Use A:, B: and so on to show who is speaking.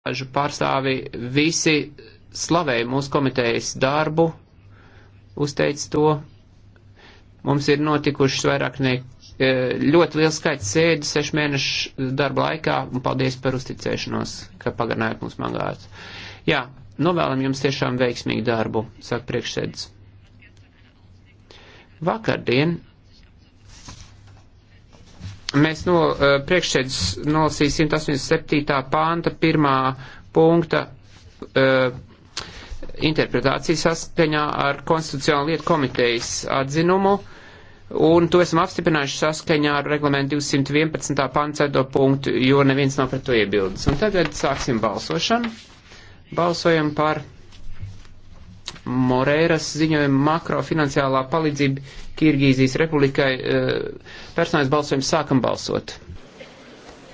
A: iestāžu pārstāvi visi slavēja mūsu komitejas darbu, uzteica to. Mums ir notikušas vairāk ne e, ļoti liels skaits sēdi sešu mēnešu darba laikā, un paldies par uzticēšanos, ka pagarinājāt mums mangātu. Jā, novēlam jums tiešām veiksmīgu darbu, saka priekšsēdis. Vakardien Mēs no eh, priekšsēdus nolasīju 187. pānta pirmā punkta eh, interpretācijas saskaņā ar Konstitucionālu lietu komitejas atzinumu, un to esam apstiprinājuši saskaņā ar reglamentu 211. pānta 4. punktu, jo neviens nav pret to iebildes. Un tagad sāksim balsošanu. Balsojam par Moreiras ziņojuma makrofinanciālā palīdzība Kirgīzijas republikai eh, personālais balsojums sākam balsot.